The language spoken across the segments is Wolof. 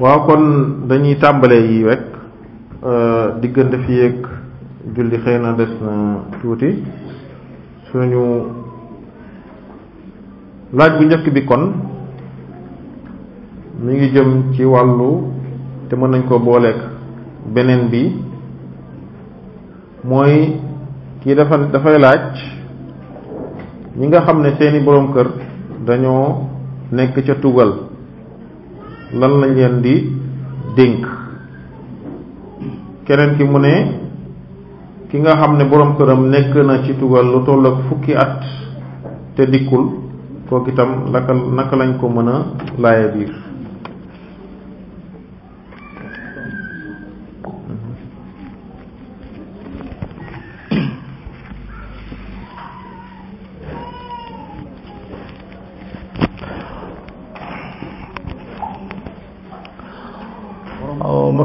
waaw kon dañuy tàmbalee yi rek euh, diggante fi yeeg julli xëy na des na tuuti suñu laaj bu njëkk bi kon mu ngi jëm ci wàllu te mën nañ ko booleeg beneen bi mooy kii dafa dafay laaj ñi nga xam ne seeni boroom kër dañoo nekk ca tugal lan lañ leen di dénk keneen ki mu ne ki nga xam ne boroom këram nekk na ci tugal lu toll fukki at te dikkul kooku itam laka naka lañ ko mën a laaya biir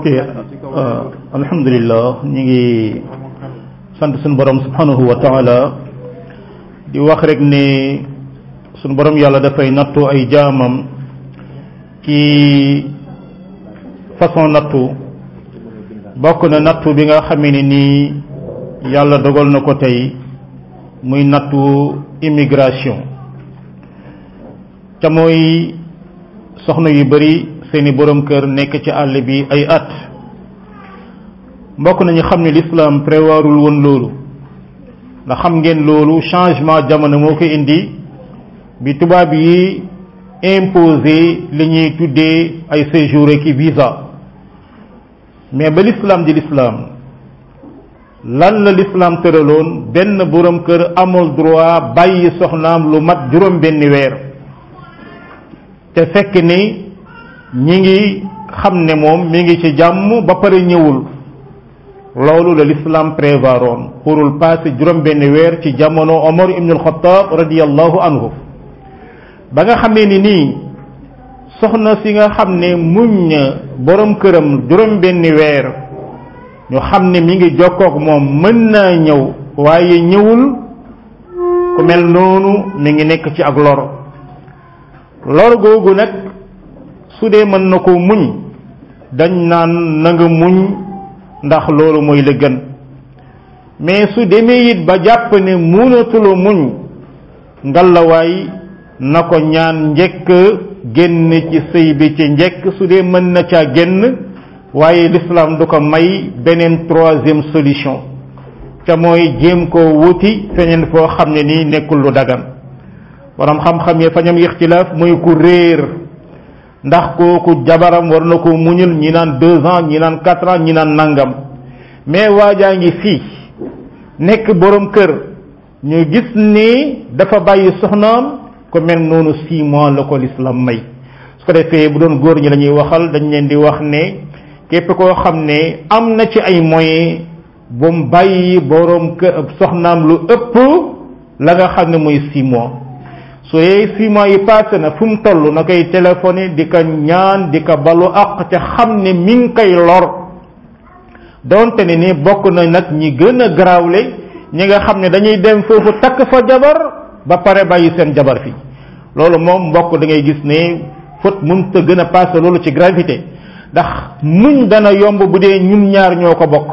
mbokk yi euh, alhamdulilah ñu ngi sant suñ borom subhanahu wa taala di wax rek ni suñ borom yàlla dafay nattu ay jaamam ci façon nattu bokk na nattu bi nga xamee ne nii yàlla dogal na ko tey muy nattu immigration ca mooy soxna yu bari seeni borom kër nekk ci àll bi ay at mbokk nañu xam ne l'islam prévoirul woon loolu ndax xam ngeen loolu changement jamono moo ko indi bi tubaab yi imposé li ñuy tuddee ay séjour ki visa mais ba l'islam di l'islam lan la l'islam tëraloon benn borom kër amul droit bàyyi soxnaam lu mat juróom benn weer te fekk ni ñi ngi xam ne moom mi ngi ci jàmm ba pare ñëwul loolu la l'islam prévaroon xurul passé juróom benn weer ci jamono Omar ibn al-Khattab radiyallahu anhu ba nga xamee ni nii soxna si nga xam ne muñ na borom këram juróom benn weer ñu xam ne mi ngi jokkook moom mën naa ñëw waaye ñëwul ku mel noonu mi ngi nekk ci ak loro lor googu nag su dee mën na ko muñ dañ naan na nga muñ ndax loolu mooy la gën mais su demee it ba jàpp ne mënatula muñ ngalawaay na ko ñaan njëkk génn ci sëy bi ci njëkk su dee mën na caa génn waaye l'islam du ko may beneen troisième solution ca mooy jéem koo wuti feneen foo xam ne nii nekkul lu dagan waram xam-xam yi fañam la mooy ku réer ndax kooku jabaram war na ko muñul ñi naan deux ans ñi naan quatre ans ñi naan nangam mais waajaa ngi fii nekk boroom kër ñu gis ni dafa bàyyi soxnaam ko mel noonu six mois la ko l'islam may su ko defee bu doon góor ñi lañuy ñuy waxal dañ leen di wax ne képp koo xam ne am na ci ay moyens ba mu bàyyi borom kër soxnaam lu ëpp la nga xam ne mooy six su yee six yi passé na fu mu toll na koy téléphoné di ko ñaan di ko balu àq ca xam ne mi ngi koy lor doonte ne ni bokk na nag ñi gën a garawle ñi nga xam ne dañuy dem foofu takk fa jabar ba pare bàyyi seen jabar fii loolu moom mbokk da ngay gis ne faute mën ta gën a passé loolu ci gravité ndax muñ dana yomb bu dee ñun ñaar ñoo ko bokk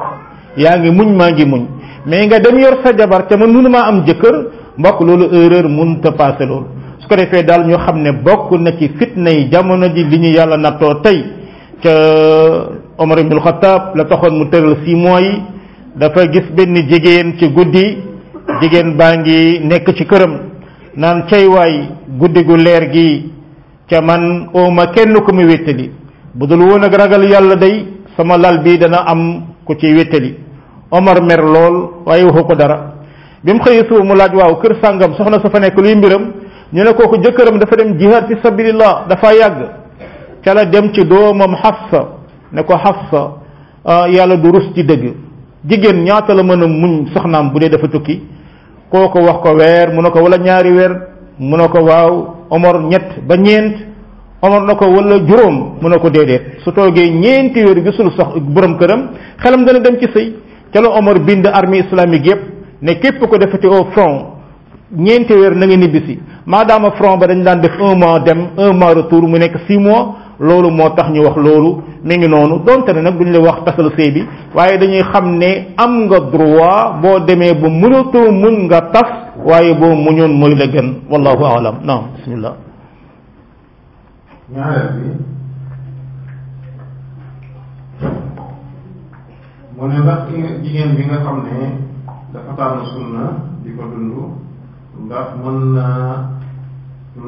yaa ngi muñ maa ngi muñ mais nga dem yor sa jabar te man mënumaa am jëkkër mbokk loolu erreur mënta passé loolu su ko defee daal ñu xam ne bokk na ci fitna yi jamono ji li ñu yàlla nattoo tey ca Omar ibnul la taxoon mu tëral six mois yi dafa gis benn jigéen ci guddi jigéen baa ngi nekk ci këram naan cay waay guddi gu leer gi ca man ooma kenn ko mu wéttali bu dul woon ak ragal yàlla day sama lal bi dana am ku ci wéttali Omar mer lool waaye waxu ko dara bi mu xëyee suba mu laaj waaw kër sàngam soxna sa fa nekk luy mbiram ñu ne koo ko jëkkëram dafa dem jihaad fi sabilillah dafa yàgg ca la dem ci doomam Xafsa ne ko Xafsa ah, yàlla du rus ci dëgg jigéen ñaata la mën a muñ soxnaam bu dee dafa tukki kooku wax ko weer mu ne ko wala ñaari weer mu ne ko waaw Omar ñett ba ñeent Omar na ko wala juróom mu ne ko déedéet su toogee ñeenti weer gisul sox borom këram xelam dana dem ci sëy ca la Omar bind armée islamique yépp ne képp ko defati au front ñeenti weer na nga nibbisi maadaama front ba dañ daan def un mois dem un mois retour mu nekk six mois loolu moo tax ñu wax loolu mi ngi noonu donte ne nag duñ la wax tasal sëy bi waaye dañuy xam ne am nga droit boo demee ba mënatoo mun nga tas waaye boo muñoon mooy la gën wallahu alam naam bismillah dafa tànn sunna di ko dund ndax mën naa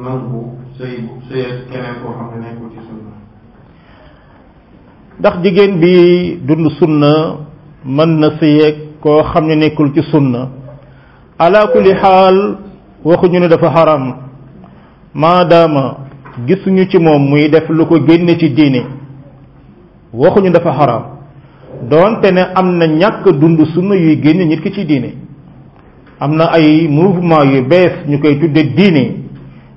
nangu sëy sëyeeg keneen koo xam ne nekkul ci sunna ndax jigéen bi dund sunna mën na sëyeeg koo xam ne nekkul ci sunna ala kulli xaal waxuñu ne dafa xaram maadaama gisuñu ci moom muy def lu ko génne ci diine waxuñu dafa xaram doonte ne am na ñàkk dund sunna yuy génn nit ki ci diine am na ay mouvement yu bees ñu koy tuddee diine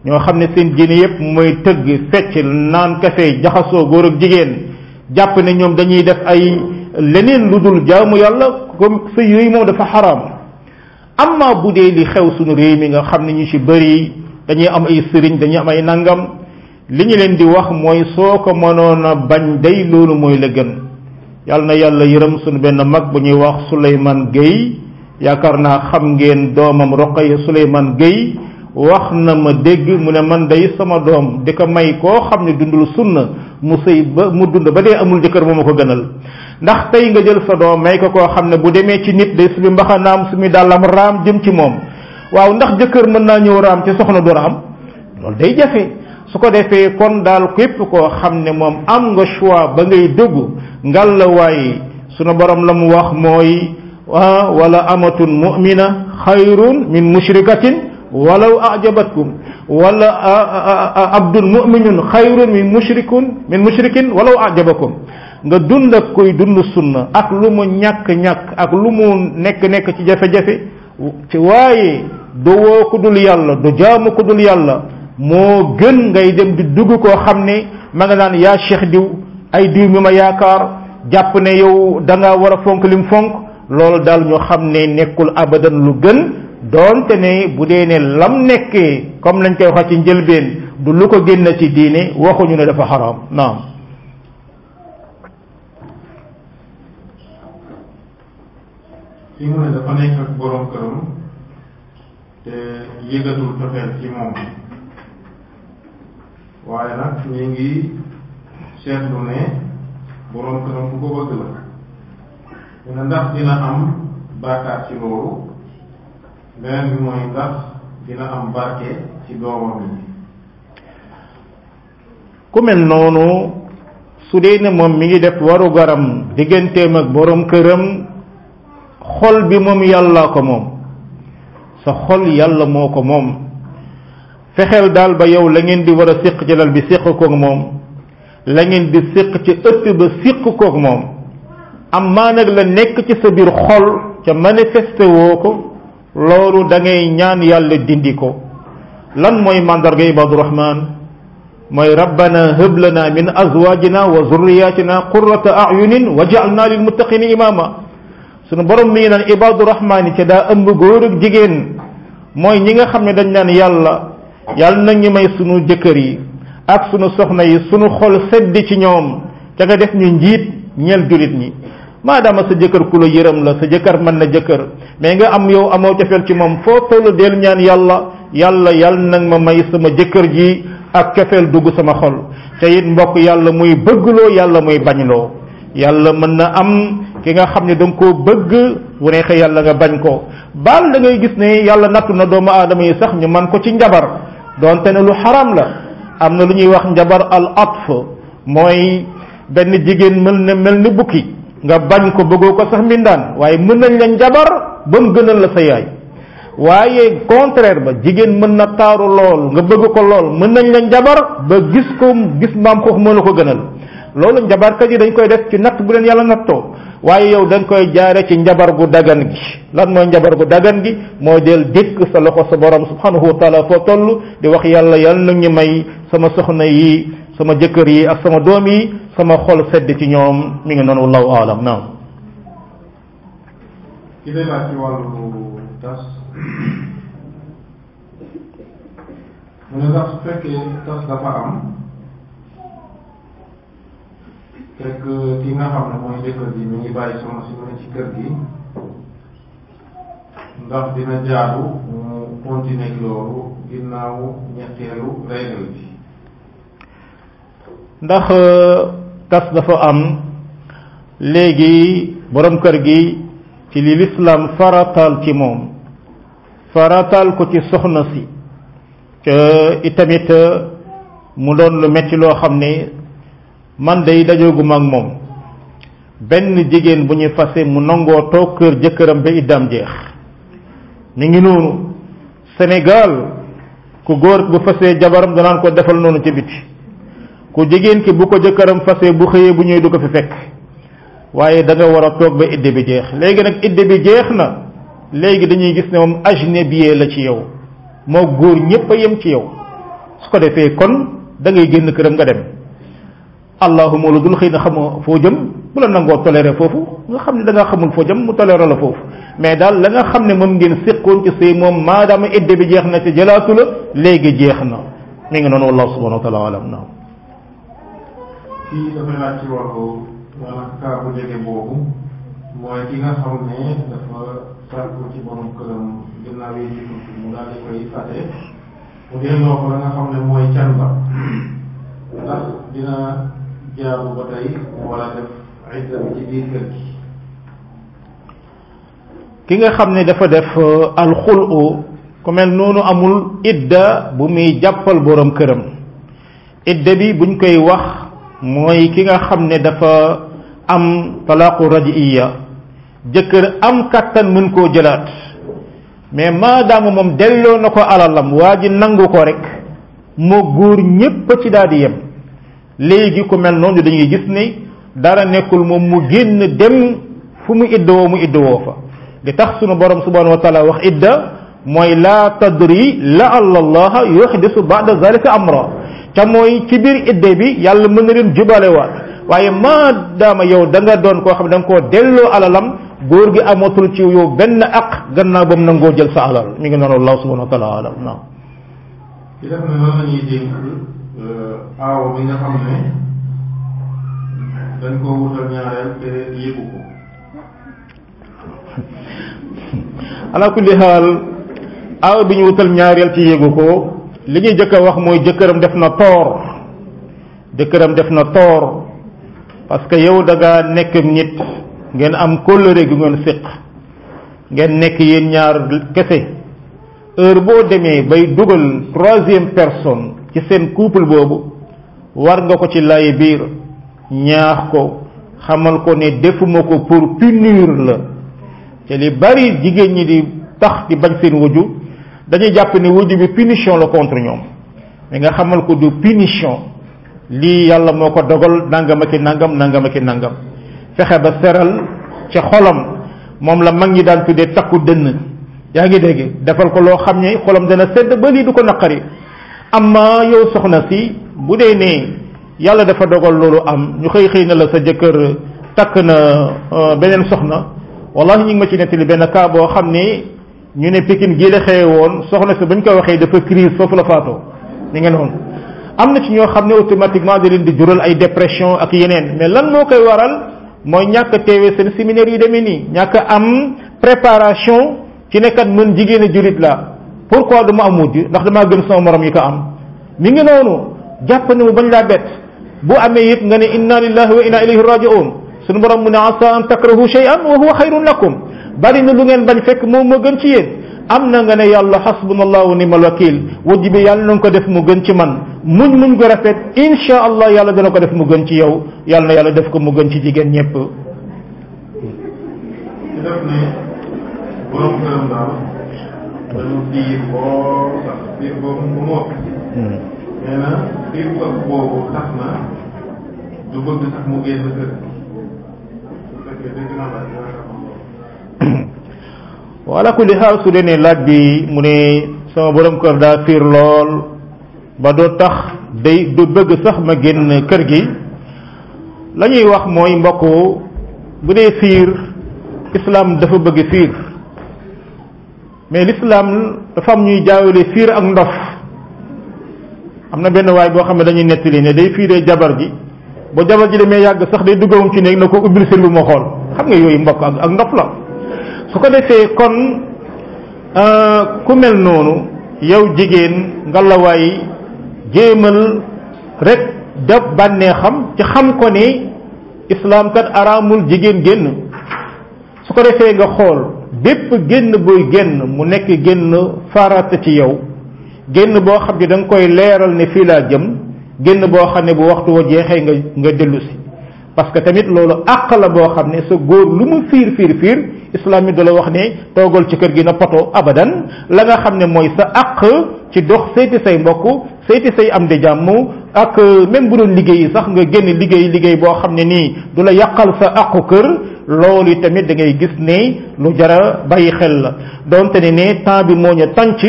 ñoo xam ne seen diine yépp mooy tëgg fecc naan kafe jaxasoo góor ak jigéen jàpp ne ñoom dañuy def ay leneen lu dul yàlla comme sëy yooyu moom dafa xaraam bu dee li xew suñu réew mi nga xam ne ñu ci bëri dañuy am ay sëriñ dañuy am ay nangam li ñu leen di wax mooy soo ko mënoon a bañ day loolu mooy la gën yàlla na yàlla yërëm suñu benn mag bu ñuy wax Souleymane Gueye yaakaar naa xam ngeen doomam Roqaya Souleymane Gueye wax na ma dégg mu ne man day sama doom di ko may koo xam ne dundul na mu sëy ba mu dund ba dee amul jëkkër moo ma ko gënal ndax tey nga jël sa doom may ko koo xam ne bu demee ci nit day suñu mbaxanaam suñu dàllam raam jëm ci moom waaw ndax jëkkër mën naa ñëw raam ci soxna du raam loolu day jafe su ko defee kon daal képp koo xam ne moom am nga choix ba ngay dugg ngal la waaye sunu borom la mu wax mooy ah, wala amatun mu'mina xayrun min mushrikatin walaw ajabatkum wala abdun muminun xayrun min mushrikun min mushrikin walaw ajabakum nga dund ak koy dund sunna ak lu mu ñàkk-ñàkk ak lu mu nekk-nekk ci jafe-jafe waaye dowoo ku dul yàlla du jaamu ku dul yàlla moo gën ngay dem di dugg koo xam ne ma nga naan yaa cheikh diw ay diw mi ma yaakaar jàpp ne yow da war a fonk lim fonk loolu daal ñu xam ne nekkul abadan lu gën doonte ne bu dee ne lam nekkee comme lañ koy waxee ci njëlbeen du lu ko génn ci diine waxuñu ne dafa xaraam naam nekk borom këram te waaye nag ñu ngi seetlu ne boroom këram ku ko bëgg la ñu ndax dina am baakaar ci loolu beneen bi mooy ndax dina am barke ci doomam yi ku mel noonu su dee ne moom mi ngi def waru garam digganteem ak boroom këram xol bi moom yàlla ko moom sa xol yàlla moo ko moom fexeel daal ba yow la ngeen di war a séq ci lal bi séq kook moom la ngeen di séq ci ëtt ba séq kook moom amaa nag la nekk ci sa biir xol ca manifesté ko loolu da ñaan yàlla dindi ko lan mooy màndarga ibaadu rahmaan mooy rabbana hëb lana min azwaajina wa zurriyaatina qurrata ayunin waj'alna lil muttaqina imaama sunu borom mi ngi naan ibaadu rahmaan yi ca daa ëmb góor ak jigéen mooy ñi nga xam ne dañ naan yàlla yàlla nag ñu may sunu jëkkër yi ak sunu soxna yi sunu xol sedd ci ñoom te nga def ñu njiit ñeel jullit ñi maadaama sa jëkkër ku la yërëm la sa jëkkër mën na jëkkër mais nga am yow amoo cofeel ci moom foo tollu del ñaan yàlla yàlla yàlla nag ma may sama jëkkër ji ak cofeel dugg sama xol te it mbokk yàlla muy bëggloo yàlla muy bañloo yàlla mën na am ki nga xam ne da koo bëgg wu yàlla nga bañ ko baal dangay gis ne yàlla nattu na doomu aadama yi sax ñu man ko ci njabar doonte ne lu xaram la am na lu ñuy wax njabar al atf mooy benn jigéen mën na mel ni bukki nga bañ ko bëggoo ko sax mbindaan waaye mën nañ la njabar ba mu gënal la sa yaay waaye contraire ba jigéen mën na taaru lool nga bëgg ko lool mën nañ la njabar ba gis ko gis maam ko mën na ko gënal loolu njabarkat yi dañ koy def ci natt bu leen yàlla nattoo waaye yow dañ koy jaare ci njabar gu daggan gi lan mooy njabar gu daggan gi mooy del dékk sa loxo sa borom subhanahu wa taala foo toll di wax yàlla yàlla na ñu may sama soxna yi sama jëkkër yi ak sama doom yi sama xol sedd ci ñoom mi ngi noonu wallahu aalam naam fekk ki nga xam ne mooy jëkkër ji mi ngi bàyyi soxna si mu ci kër gi ndax dina jaaru mu continuer loolu ginnaawu ñetteelu règle bi ndax kas dafa am léegi borom kër gi ci li lislaam faratal ci moom faratal ko ci soxna si e, itamit e, mu doon lu metti loo xam ne man day dajooguma ak moom benn jigéen bu ñu fase mu nangoo toog kër jëkkëram ba iddaam jeex mu ngi noonu Sénégal ku góor bu fasee jabaram danaan ko defal noonu ci biti ku jigéen ki bu ko jëkkëram fase bu xëyee bu ñëwee du ko fi fekk waaye da nga war a toog ba idde bi jeex léegi nag idde bi jeex na léegi dañuy gis ne moom ajnabiyee la ci yow moo góor ñépp a yem ci yow su ko defee kon da ngay génn këram nga dem allahuma la dul xëy na xamoo foo jëm bu la nangoo foofu nga xam ne da nga xamul foo jëm mu toléré la foofu mais daal la nga xam ne moom ngeen séqoon ci sëy moom maadaama idde bi jeex na ci jëlaatu la léegi jeex na mi ngi noonu wallahu subhanahu wa taala alam na kii dafay laaj ci wàllu maanaam kaa bu jege boobu mooy ki nga xam ne dafa sàkku ci borom këram ginnaaw yi mu daal di koy fàtte mu delloo ko la nga xam ne mooy can ba ki nga xam ne dafa def uh, alxulu ku mel noonu amul idda bu muy jàppal borom këram idda bi buñ koy wax mooy ki nga xam ne dafa am talaaqu rajiiya jëkkër am kàttan mën koo jëlaat mais maadaama moom delloo na ko alalam waa ji nangu ko rek moo góor ñépp a ci daal yem léegi ku mel noonu dañuy gis ni dara nekkul moom mu génn dem fu mu iddawoo mu iddawoo fa li tax sunu borom subhanahu wa taala wax idda mooy laa tadri la allallaha yuxdisu bada zalika amra ca mooy ci biir idda bi yàlla mën na leen jubalewaat waaye maadaama yow da nga doon koo xam ne da nga koo delloo alalam góor gi amatul ci yow benn aq gannaaw ba mu nangoo jël sa alal mi ngi noonu allah subhanahu wa taala Euh, aawo bi nga xam xaal aaw bi ñu wutal ñaareel te yëgu ko li ñu jëkk a wax mooy jëkkëram def na toor jëkkëram def na toor parce que yow da ngaa nekk nit ngeen am kóllëre gu ngeen séq ngeen nekk yéen ñaar kese heure boo demee bay dugal troisième personne ci seen couple boobu war nga ko ci lay biir ñaax ko xamal ko ne defuma ko pour punir la te li bari jigéen ñi di tax di bañ seen wujju dañuy jàpp ne wujju bi punition la contre ñoom mais nga xamal ko du punition lii yàlla moo ko dogal nangam ak nangam nangam ak nangam fexe ba seral ca xolam moom la mag ñi daan tuddee takku dënn yaa ngi dégg defal ko loo xam ne xolam dana sedd ba lii du ko naqari am amma yow soxna si bu dee nee yàlla dafa dogal loolu am ñu xëy xëy na la sa jëkkër takk na euh, beneen soxna wallahi ñu ngi ma ci nettali benn cas boo xam ne ñu ne Pikine gii la xëye woon soxna si bañ koy waxee dafa crise foofu la faatoo ni ngeen noonu am na ci ñoo xam ne automatiquement da di jural ay dépression ak yeneen mais lan moo koy waral mooy ñàkk teewee seen séminaire yu demee nii ñàkk am préparation ci nekkat mën jigéen a julit la pourquoi du ma am mujj ndax damaa gëm sama morom yi ko am mi ngi noonu jàpp ne mu bañ laa bett bu amee it nga ne inna lillahi wa inna ilayhi raji'un suñu borom mu ne asa an takrahu shay'an wa huwa xayrun lakum bari na lu ngeen bañ fekk moom moo gën ci am na nga ne yàlla xasbunallahu wa nimal wakil wajj bi yàlla na ko def mu gën ci man muñ muñ ko rafet insha allah yàlla dana ko def mu gën ci yow yàlla na yàlla def ko mu gën ci jigéen ñëpp. def ne borom këram daal ba mu diir boo sax diir nee su dee ne laaj bi mu ne sama borom kër daa fiir lool ba doo tax day du bëgg sax ma génn kër gi la ñuy wax mooy mbokk bu dee fiir islam dafa bëgg fiir mais l'islam dafa am ñuy jaawale fiir ak ndof am na benn waay boo xam ne dañuy nettali ne day fiiree jabar ji boo jabar ji demee yàgg sax day duggawum ci néeg na ko ubbil sër bi moo xool xam nga yooyu mbokk ak ak ndof la su ko defee kon euh, ku mel noonu yow jigéen nga la waay jéemal rek def bànneexam xam ci xam ko ne islam araamul jigéen génn su ko defee nga xool bépp génn booy génn mu nekk génn farata ci yow génn boo xam ne danga koy leeral ne fii laa jëm génn boo xam ne bu waxtu wa jeexee nga nga dellu si parce que tamit loolu àq la boo xam ne sa góor lu mu fiir fiir fiir islam yi la wax ne toogal ci kër gi na poto abadan la nga xam ne mooy sa àq ci dox seeti say mbokk seeti say am di jàmm ak euh, même bu doon liggéey sax nga génn liggéey liggéey boo xam ne nii du la yàqal sa àqu kër loolu yi tamit da ngay gis ne lu jara bàyyi xel la donte ne ne temps bi moo ñu tànc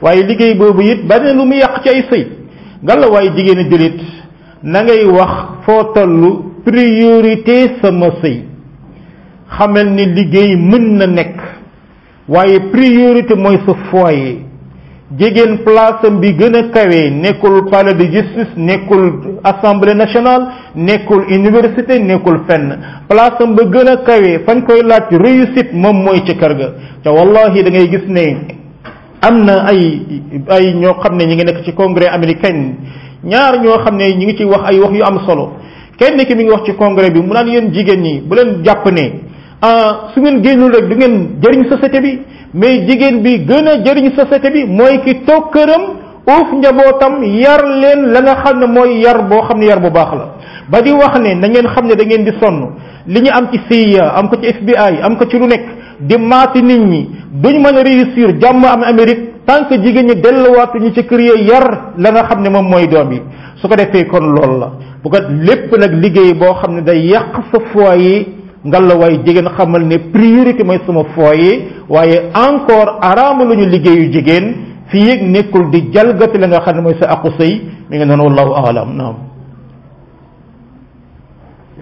waaye liggéey boobu it bari na lu muy yàq ci ay sëy ngalla waaye jigéenu jullit na ngay wax foo tollu priorité sama sëy xamal ni liggéey mën na nekk waaye priorité mooy sa foyer jigéen place bi gën a kawe nekkul palais de justice nekkul assemblée national nekkul université nekkul fenn place am ba gën a kawe fañ koy laaj réussite moom mooy ci kër ga te wallahi da ngay gis ne am na ay ay ñoo xam ne ñu ngi nekk ci congrès américain ñaar ñoo xam ne ñu ngi ci wax ay wax yu am solo kenn ki mi ngi wax ci congrès bi mu naan yéen jigéen ñi bu leen jàpp ne Ah, su ngeen génnul rek du ngeen jëriñ société bi mais jigéen bi gën a jëriñ société bi mooy ki toog këram uuf njabootam yar leen la nga xam ne mooy yar boo xam ne yar bu baax la ba di wax ne na ngeen xam ne da ngeen di sonn li ñu am ci CIA am ko ci FBI am ko ci lu nekk di maati nit ñi duñ mën a réussir jàmm am Amérique tant que jigéen ñi delluwaatu ñu ci kër yi yar la nga xam ne moom mooy doom yi su ko defee kon loolu la bu ko lépp nag liggéey boo xam ne day yàq sa foyer ngalla waaye jigéen xamal ne priorité mooy sama foyer waaye encore araama la liggéeyu jigéen fii yëg nekkul di jalgati la nga xam ne mooy sa aqu sëy mi ngi noonu wallahu alam naam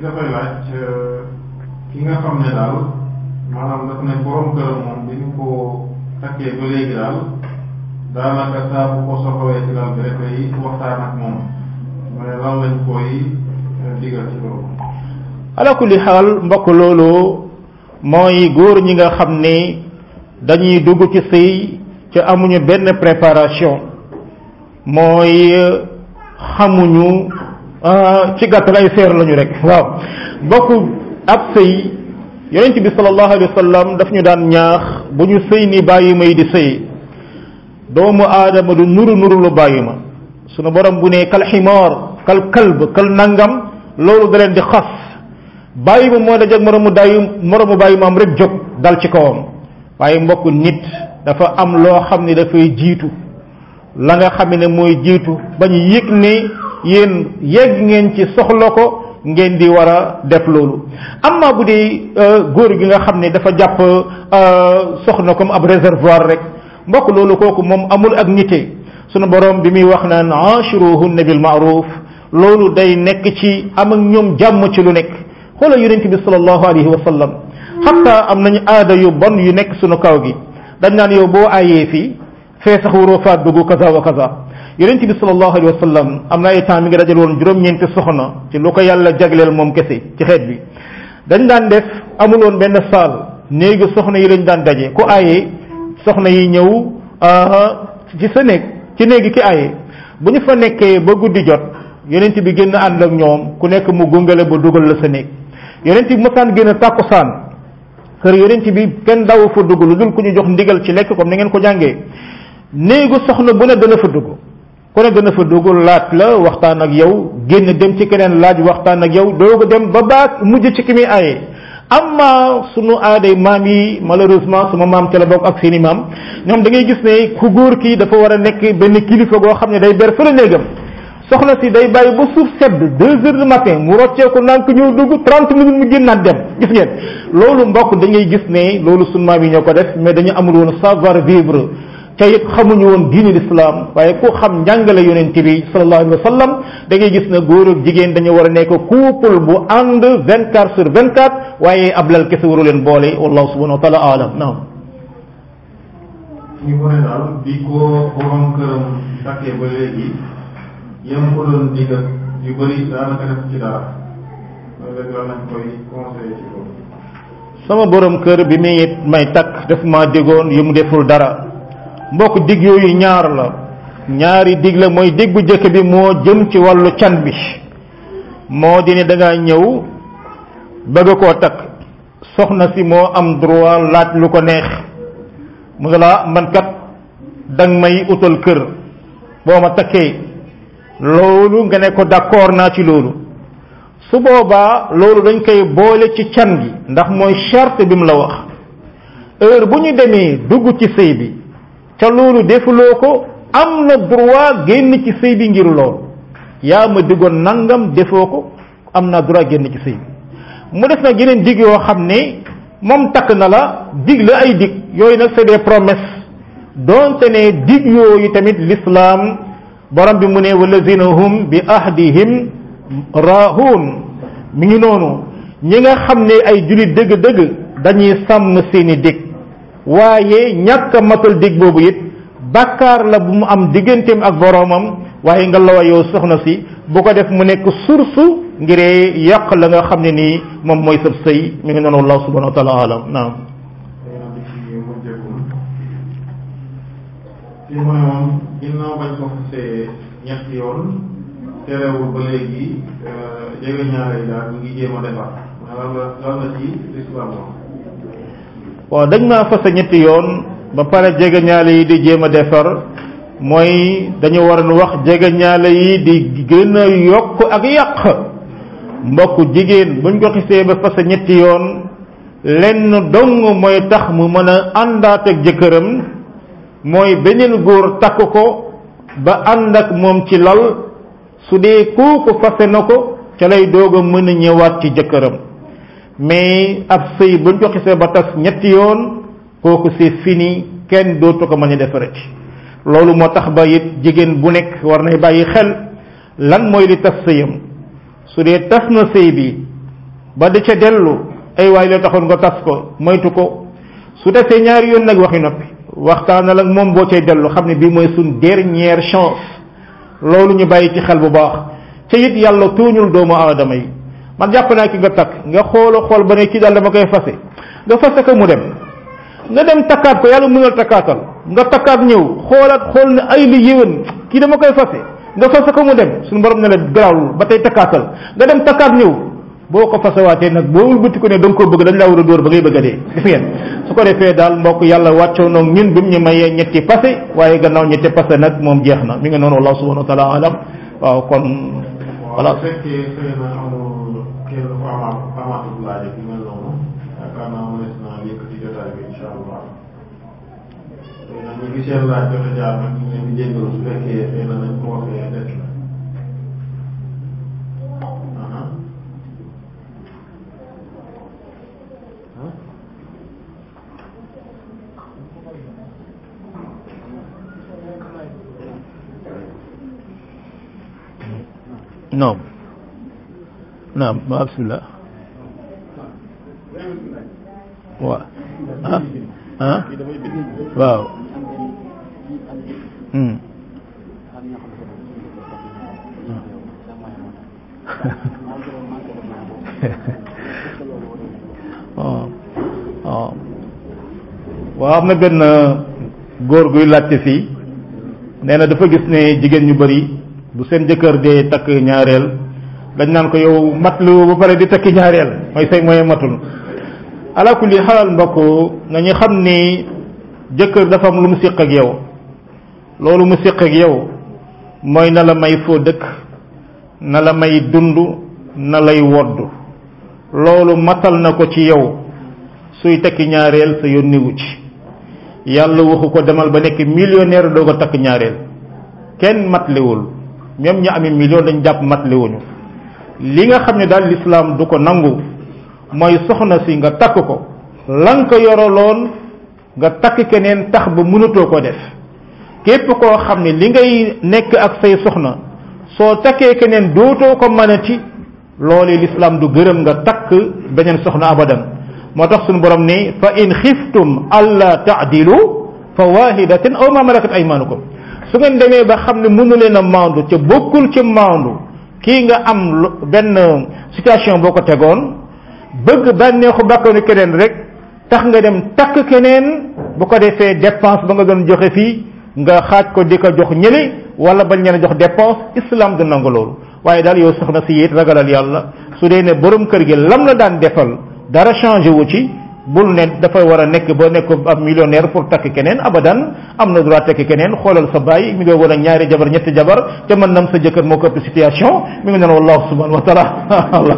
euh, ki nga xam ne daal maanaam daf ne borom këram moom bi ñu ko takkee ba léegi daal daanaka saa bu ko soxlawee ci daal bi rek lay waxtaan ak moom ma ne lan lañ koy euh, ci loolu ala kulli xaal mbokk loolu mooy góor ñi nga xam ne dañuy dugg ci sëy ci amuñu benn préparation mooy xamuñu ah, ci gàttal ay seer lañu rek waaw mbokk ab sëy yonent bi sallallahu alayhi wa sallam daf ñu daan ñaax bu ñu sëy ni bàyyi may di sëy doomu aadama du nuru nuru lu bàyyi ma sunu borom bu ne kal ximoor kal nangam loolu da di xas bàyyi moom moo dajeeg moromu dayu moromu bàyyi moom rek jóg dal ci kawam waaye mbokk nit dafa am loo xam ne dafay jiitu la nga xam ne mooy jiitu ba ñu yëg ne yéen yegg ngeen ci soxla ko ngeen di war a def loolu amma bu dee euh, góor gi nga xam ne dafa jàpp euh, soxna comme ab réservoir rek mbokk loolu kooku moom amul ak nite sunu borom bi muy wax naan ashiruhunna bil ma'ruf loolu day nekk ci am ak ñoom jàmm ci lu nekk xoolal yonent bi sallallahu alayhi wa sallam xataa am nañu aada yu bon yu nekk suñu kaw gi dañ naan yow boo aayee fii fee sax waroo faa dugg kaza wa kaza yonent bi sallallahu alayhi wa sallam am na ay temps mi ngi dajal woon juróom-ñeenti soxna ci lu ko yàlla jagleel moom kese ci xeet bi dañ daan def amul woon benn saal néegi soxna yi lañ daan daje ku aayee soxna yi ñëw ci sa néeg ci néegi ki aayee bu ñu fa nekkee ba guddi jot yonent bi génn ànd ak ñoom ku nekk mu gungale ba dugal la sa néeg yonent bi mosaan génn tàkkusaan kër yonent bi kenn daw fa dugg lu dul ku ñu jox ndigal ci lekk comme ni ko jàngee néegu soxna bu ne a fa dugg ku ne dana fa dugg laaj la waxtaan ak yow génn dem ci keneen laaj waxtaan ak yow dooga dem ba baat mujj ci ki muy ma amma sunu aaday maam yi malheureusement ma maam ca la ak seeni maam ñoom da ngay gis ne ku góor kii dafa war a nekk benn kilifa goo xam ne day ber fële néegam soxna si day bàyyi ba suuf sedd deux heures du matin mu rocceeku ndànk ñëw dugg trente minutes mu génnaat dem gis ngeen loolu mbokk dañuy gis ne loolu sunu maam yi ñoo ko def mais dañu amul woon savoir vivre te it xamuñu woon diine l'islam waaye ku xam njàngale yonent bi sallallahu alayhi wa sallam da ngay gis ne góor ak jigéen dañu war a nekk couple bu ànd vingt quatre sur vingt quatre waaye ab lal kese waru leen boole wallahu subhanahu wa taala alam naam ñu sama boroom kër bi muy may takk daf ma digoon yu mu deful dara mbokk dig yooyu ñaar la ñaari dig la mooy dig bu njëkk bi moo jëm ci wàllu can bi moo di ne da ñëw bëgg koo takk soxna si moo am droit laaj lu ko neex mu ne la man kat danga may utal kër boo ma takkee. loolu nga ne ko d'accord naa ci loolu su boobaa loolu dañ koy boole ci can gi ndax mooy charte bi mu la wax heure bu ñu demee dugg ci sëy bi ca loolu defuloo ko am na droit génn ci sëy bi ngir loolu yaa ma diggoon nangam defoo ko am naa droit génn ci sëy bi mu def na yeneen digg yoo xam ne moom takk na la dig la ay dig yooyu nag c'est des promesses donte ne dig yooyu tamit l'islam borom bi mu ne walazina hum bi ahdihim raahun mu ngi noonu ñi nga xam ne ay jullit dëgg-dëgg dañuy sàmm seeni dig waaye ñàkk a matal dig boobu it bàkkaar la bu mu am digganteem ak boroomam waaye nga lawa yow soxna si boo ko def mu nekk source ngir yàq la nga xam ne nii moom mooy sab sëy mi ngi noonu allah subhanahu wa taala naam li mu naa moom yoon ba léegi jege euh, ñaare yi daal mu ngi jéem a defar ñetti yoon ba pare jege yi di jéem a defar mooy dañu waroon wax jege ñaale yi di gën yokk ak yàq mbokk jigéen buñ ko xisee ba fase ñetti yoon lenn dong mooy tax mu mën a àndaat ak jëkkëram mooy beneen góor takk ko ba ànd ak moom ci lal su dee kooku fase na ko ca lay doog a mën a ñëwaat ci jëkkëram mais ab sëy buñ ko xisee ba tas ñetti yoon kooku c'est fini kenn dootu ko mën a defarati loolu moo tax ba it jigéen bu nekk war nay bàyyi xel lan mooy di tas sëyam su dee tas na sëy bi ba da ca dellu ay waay la taxoon nga tas ko moytu ko su desee ñaari yoon nag waxi noppi waxtaan waxtaanal ak moom boo cay dellu xam ne bii mooy suñ dernière chance loolu ñu bàyyi ci xel bu baax te it yàlla tooñul doomu aadama yi man jàpp naa ki nga takk nga xool xool ba ne kii daal dama koy fase nga fase ko mu dem nga dem takkaat ko yàlla mënal takkaatal nga takkaat ñëw xoolaat xool ne ay li kii dama koy fase nga fase ko mu dem borom ne la garaawul ba tey takkaatal nga dem takkaat ñëw boo ko fasawaatee nag boo wëlbati ko ne da koo bëgg dañ laa war a ba ngay bëgg a dee gis ngeen su ko defee daal mbokk yàlla wàccoo noog ñun bi mu ñu mayee ñetti passé waaye gannaaw ñetti passé nag moom jeex na mu ngi noonu wallahu subhanahu wa taala waaw kon voilà ko نعم نعم بسم الله wa ah ah waaw hmm. oh, oh. waaw am na benn góor guy laajte fii nee na dafa gis ne jigéen ñu bari du seen jëkkër dee takk ñaareel dañ naan ko yow matlu ba pare di takki ñaareel mooy say mooy matul ala kulli xaal mbokk nañu xam ni jëkkër dafa am lu mu siq ak yow loolu mu siq ak yow mooy na la may foo dëkk na la may dund na lay wodd loolu mattal na ko ci yow suy takki ñaareel sa yónniwu ci yàlla waxu ko demal ba nekk millionnaire doo ko takk ñaareel kenn matliwul même ñu amee million dañu jàpp matle wuñu li nga xam ne daal lislaam du ko nangu mooy soxna si nga takk ko lan ko yoroloon nga takk keneen tax ba mënatoo ko def képp koo xam ne li ngay nekk ak say soxna soo takkee keneen dootoo ko mënati loolee lislaam du gërëm nga takk beneen soxna abadan moo tax suñu borom ni fa in xiftum alla taadilu fa waahidatan aw ay malakat ko su ngeen demee ba xam ne mënu leen a maandu te bokkul ci maandu kii nga am benn situation boo ko tegoon bëgg bànneexu bakkanu keneen rek tax nga dem takk keneen bu ko defee dépense ba nga doon joxe fii nga xaaj ko di ko jox ñële wala bañ leen jox dépense islam du nangu loolu waaye daal yow soxna si yéet ragalal yàlla su dee ne borom kër gi lam la daan defal dara changé wu ci bul ne dafay war a nekk ba nekk ab millionnaire pour takk keneen abadan am na droit tekk keneen xoolal sa baay mi nga war a ñaari jabar ñetti jabar te mën nam sa jëkkër moo ko ëpp situation mi ngi naan wallahu subhanahu wa taala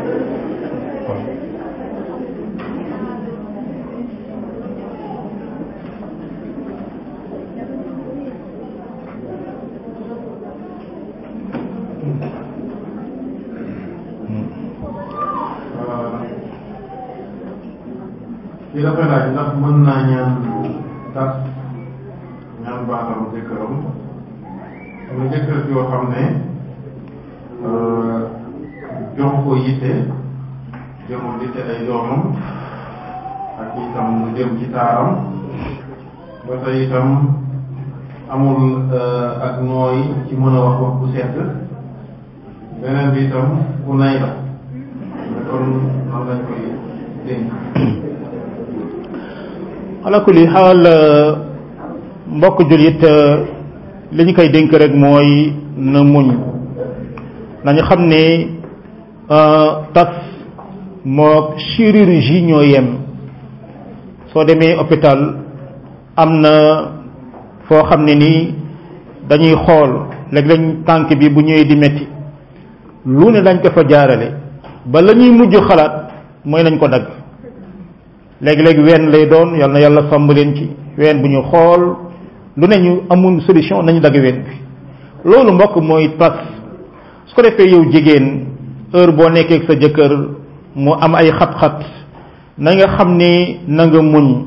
kii dafay laaj ndax mën naa ñaan tas ñaan baatam jëkkëram mu jëkkër yoo xam ne jox ko yitte jëmul yitte ay doomam ak itam mu jëm ci taaram ba tey amul ak nooy ci mën a wax wax bu sedd beneen kon nan lañ koy ala kulli xaal euh, mbokk jullit euh, li ñu koy dénk rek mooy na muñ nañu xam ne moo euh, mook chirurgie ñoo yem soo demee hôpital am na foo xam ne nii dañuy xool léeg tànk bi bu ñëwee di metti lu ne dañ ko fa jaarale ba la ñuy mujj xalaat mooy nañ ko dagg léegi-léegi wenn lay doon yal na yàlla sàmm leen ci ween bu ñu xool lu ne ñu amul solution nañu dagg ween bi loolu mbokk mooy tas su ko defee yow jigéen heure boo nekkee sa jëkkër mu am ay xat-xat na nga xam ni nanga muñ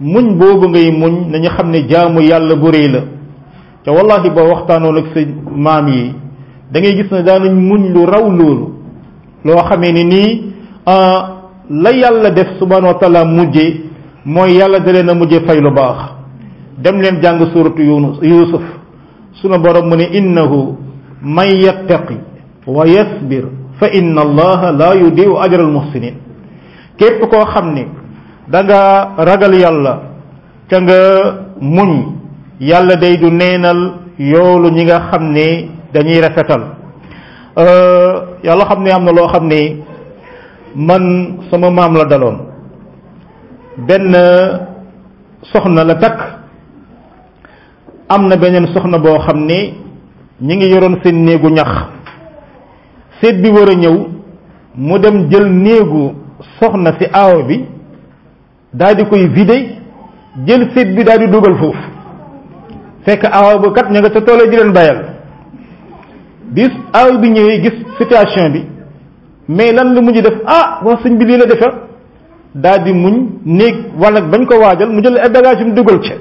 muñ boobu ngay muñ nañu xam ne jaamu yàlla bu rëy la te wallahi boo waxtaanoon ak sa maam yi dangay gis ne daanañ muñ lu raw loolu loo xamee ni nii ah, la yàlla def subhanahu wa taala mooy yàlla da leen a mujjee fay lu baax dem leen jàng suuratu yunus yusuf sunu borom mu ne innahu man yattaqi wa yasbir fa inna allaha la yudiu ajral muhsinin képp koo xam ni da nga ragal yàlla te nga muñ yàlla day du neenal yoolu ñi nga xam ne dañuy rafetal euh, yàlla xam ne am na loo xam ne man sama maam la daloon benn soxna la takk am na beneen soxna boo xam ne ñu ngi yoroon seen néegu ñax seet bi war a ñëw mu dem jël néegu soxna ci aaw bi daal di koy vider jël seet bi daal di dugal foofu fekk aaw ba kat ña nga ca toole ji leen bayal bis aaw bi ñëwee gis situation bi mais lan la mujj def ah wax sëñ bi lii la defe daal di muñ néeg wala bañ ko waajal mu jël ay bagage yu mu dugal ca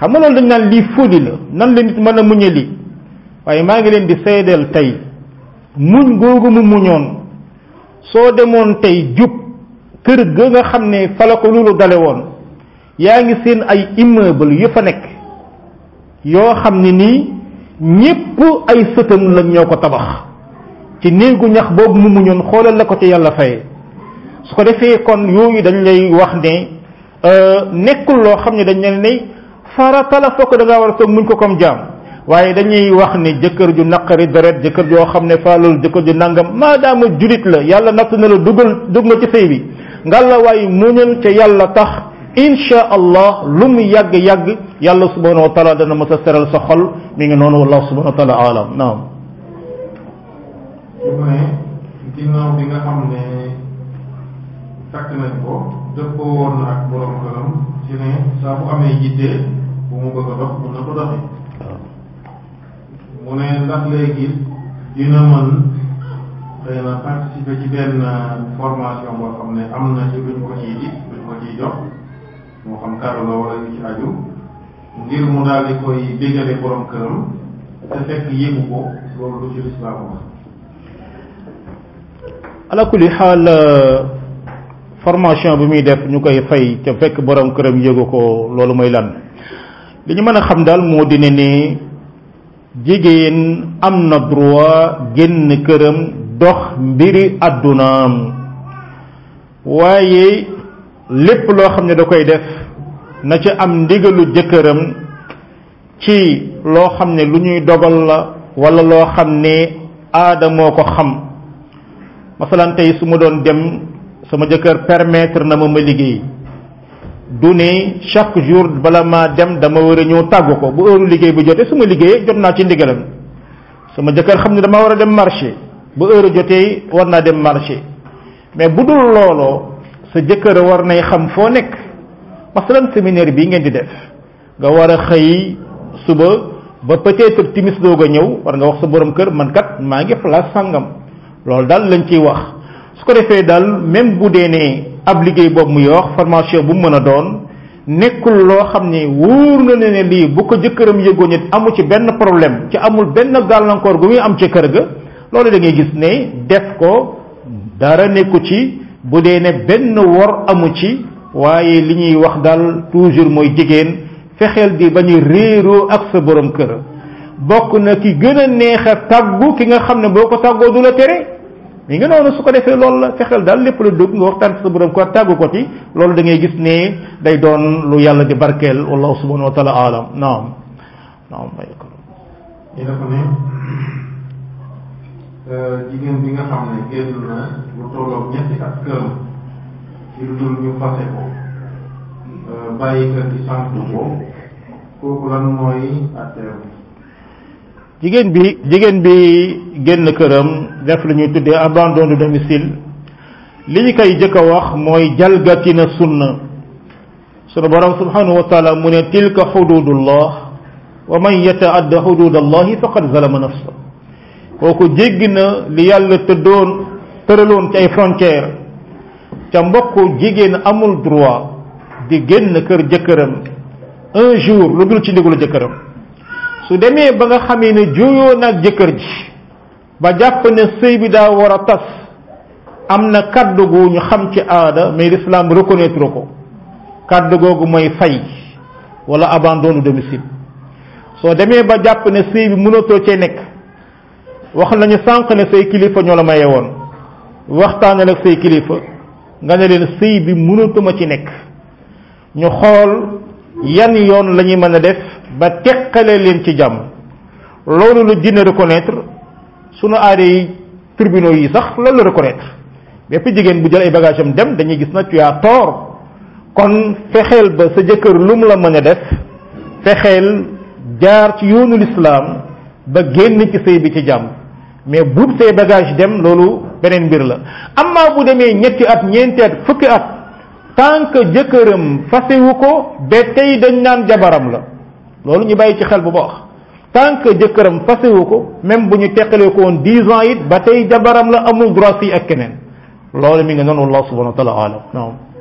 xam nga loolu dañ naan lii fóoli la nan la nit mën a muñe lii waaye maa ngi leen di seedeel tey muñ googu mu muñoon soo demoon tey jub kër ga nga xam ne fala ko dale woon yaa ngi seen ay immeuble yu fa nekk yoo xam ne nii ñépp ay sëtam la ñoo ko tabax ci néegu ñax boobu mu muñoon xoolal la ko ci yàlla fay su ko defee kon yooyu dañ lay wax ne euh, nekkul loo xam ne dañ leen ne farata la danga war a toog muñ ko comme jaam waaye dañuy wax ne jëkkër ju naqari deret jëkkër joo xam ne faalul jëkkër ju nàngam maadaama julit la yàlla natt na la dugal dugg nga ci sëy bi ngalla waaye muñal ca yàlla tax insha allah lu mu yàgg-yàgg yàlla subhanahu wa taala dana mës a seral sa xol mi ngi noonu wallahu subhanahu wa mu ne ginnaaw bi nga xam ne takk nañ ko dëppoo woon na ak borom këram ci ne saa bu amee yitte bu mu bëgg a dox mën na ko doxi mu ne ndax léegi dina mën na participer ci benn formation xam ne am na ci luñ ko ciy ji luñ ko ciy jox moo xam kàddu la wala ci aju ngir mu daal di koy borom këram te fekk ko loolu lu ci lislaam ala kulli xaal euh, formation bi muy def ñu koy fay ca fekk boroom këram yéegu ko loolu mooy lan li ñu mën a xam daal moo di ne ni jigéen am na droit génn këram dox mbiri àddunaam waaye lépp loo xam ne da koy def na ca am ndigalu jëkkëram ci loo xam ne lu ñuy dogal la wala loo xam ne aada moo ko xam masalan tey su ma doon dem sama jëkkër permettre na ma ma liggéey du ne chaque jour bala ma dem dama war a ñëw tàggu ko bu heure liggéey bi jotee su ma liggéeyee jot naa ci ndigalam sama jëkkër xam ne dama war a dem marché bu heure jotee war naa dem marché mais bu dul looloo sa jëkkër a war nay xam foo nekk masalan séminaire bii ngeen di def nga war a xëy suba ba peut-être timis doog a ñëw war nga wax sa borom kër man kat maa ngi place sàngam loolu daal lañ ciy wax su ko defee daal même bu dee nee ab liggéey boobu muy wax formation bu mu mën a doon nekkul loo xam ne wóor na ne ne lii bu ko jëkkëram yëgoon it amu ci benn problème ci amul benn gàllankoor gu muy am ci kër ga loolu da ngay gis ne def ko dara nekku ci bu dee ne benn wor amu ci waaye li ñuy wax daal toujours mooy jigéen fexeel bi ba ñu réeroo ak sa borom kër bokk na ki gën a neex tàggu ki nga xam ne boo ko tàggoo du la tere mi nga noonu su ko defee loolu la fexeel daal lépp la dugg nga waxtaan sa borom ko tàggu ko ci loolu da gis ne day doon lu yàlla di barkeel wallahu subhanahu wa alam naam naam bayko ñi ne euh, jigéen bi nga xam ne génn na lu tolloog ñetti at këram ci lu ñu fase ko euh, bàyyi kër gi sant ko kooku lan mooy atteem jigéen bi jigéen bi génn këram def lu ñuy tuddee abandon de domicile li ñu koy jëkk a wax mooy jalgati na sunna sunu borom subhanahu wa taala mu ne tilka xududullah wa man yataadda xududallahi faqad zalama nafsa kooku jéggi li yàlla tëddoon tëraloon ci ay frontière ca mbokk jigéen amul droit di génn kër jëkkëram un jour lu dul ci ndigalu jëkkëram su demee ba nga xamee ne juyoo nag jëkkër ji ba jàpp ne sëy bi daa war a tas am na kàddu gu ñu xam ci aada mais l'islam reconnaître ko kàddu googu may fay wala abandon du domicile soo demee ba jàpp ne sëy bi mënatoo cee nekk wax nañu sànq ne say kilifa ñoo la maye woon waxtaanal ak say kilifa nga ne leen sëy bi mënatuma ci nekk ñu xool yan yoon la ñuy mën a def ba teqalee leen ci jàmm loolu la dina reconnaître sunu aada yi tribunaux yi sax loolu la reconnaître bépp jigéen bu jël ay bagage dem dañuy gis na tu kon fexeel ba sa jëkkër lu mu la mën a def fexeel jaar ci yoonu lislaam ba génn ci sëy bi ci jàmm mais buub say bagage dem loolu beneen mbir la amaa bu demee ñetti at ñeenti at fukki at tant que jëkkëram fasewu ko ba tey dañ naan jabaram la loolu ñu bàyyi ci xel bu baax tant que jëkkëram fasewu ko même bu ñu teqalee ko woon dix ans it ba tey jabaram la amul droit si ak keneen loolu mi ngi noonu Allah subhanahu wa taala alam